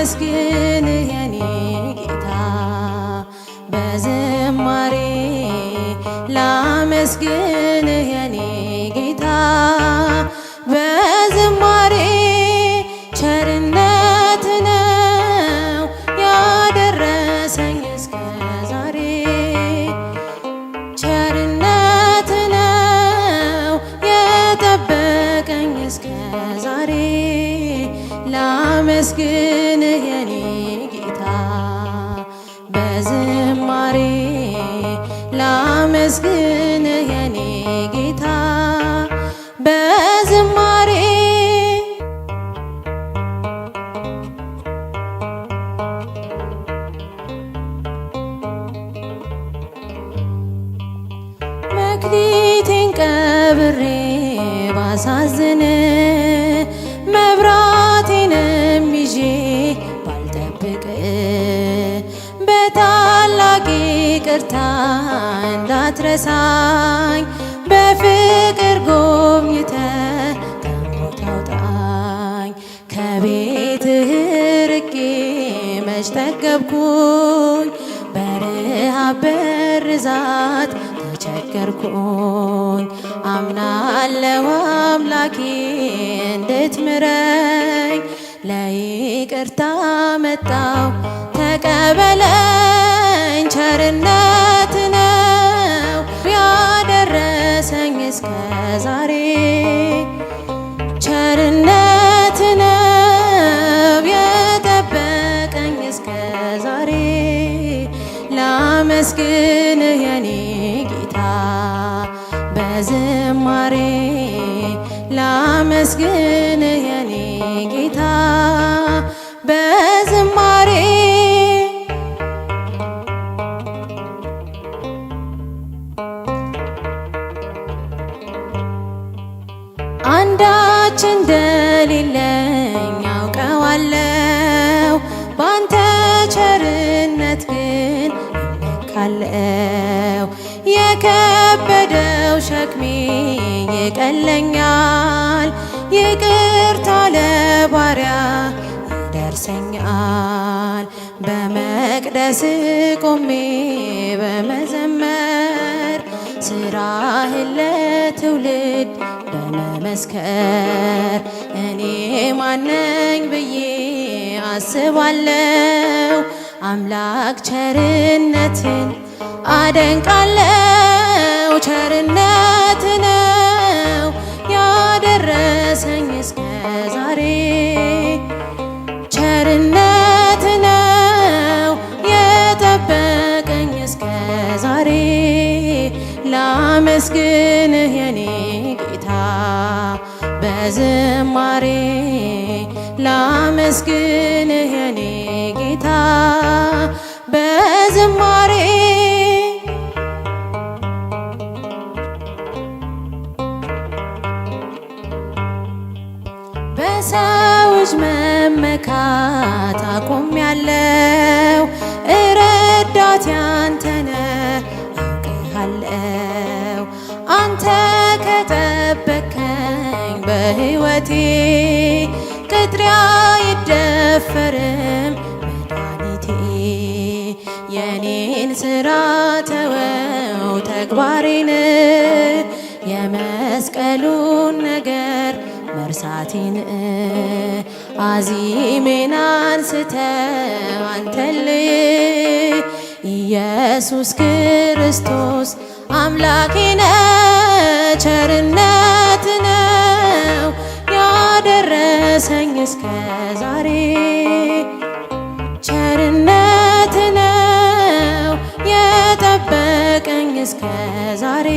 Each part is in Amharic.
ላመስግን የኔ ጌታ በዝማሬ ላመስግን የኔ ጌታ በዝማሬ ቸርነት ነው ያደረሰኝ እስከ ዛሬ ቸርነት ነው የጠበቀኝ እስከ ዛሬ ላመስግን የኔ ጌታ በዝማሬ ላመስግን የኔ ጌታ በዝማሬ መክሊቴን ቀብሬ ባሳዝን ይቅርታ እንዳትረሳኝ በፍቅር ጎብኝተ ከሞት አውጣኝ ከቤትህ ርቄ መች ጠገብኩኝ በረሃብ በርዛት ተቸገርኩኝ አምናለው አምላኬ እንድትምረኝ ለይቅርታ መጣው ተቀበለኝ ቸርነ ላመስግን የኔ ጌታ በዝማሬ ላመስግን የኔ ጌታ በዝማሬ አንዳች እንደሌለኝ አውቀዋለው ባንተ ካለው የከበደው ሸክሜ ይቀለኛል። ይቅርታ ለባሪያ ይደርሰኛል። በመቅደስ ቆሜ በመዘመር ስራህን ለትውልድ በመመስከር እኔ ማነኝ ብዬ አስባለው አምላክ ቸርነትን አደንቃለው። ቸርነት ነው ያደረሰኝ እስከ ዛሬ ቸርነት ነው የጠበቀኝ እስከ ዛሬ ላመስግንህ የኔ ጌታ በዝማሬ ላመስግንህ የኔ ጌታ በዝማሬ በሰዎች መመካት አቁም ያለው እረዳት ያንተነ አውቅሃለው አንተ ከጠበከኝ በህይወቴ መጥሪያ አይደፈርም መድኃኒቴ የኔን ስራ ተወው ተግባሬን የመስቀሉን ነገር መርሳቴን አዚሜን አንስተው ኢየሱስ ክርስቶስ አምላኬ ቸርነት ያደረሰኝ እስከ ዛሬ ቸርነት ነው የጠበቀኝ እስከ ዛሬ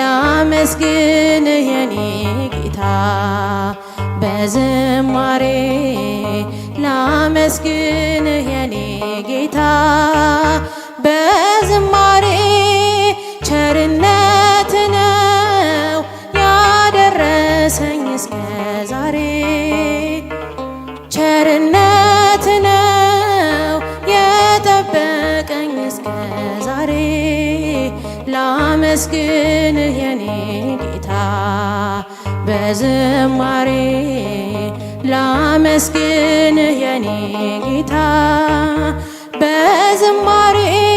ላመስግንህ የኔ ጌታ በዝማሬ ላመስግን የኔ ጌታ ላመስግን የኔ ጌታ በዝማሬ ላመስግን የኔ ጌታ በዝማሬ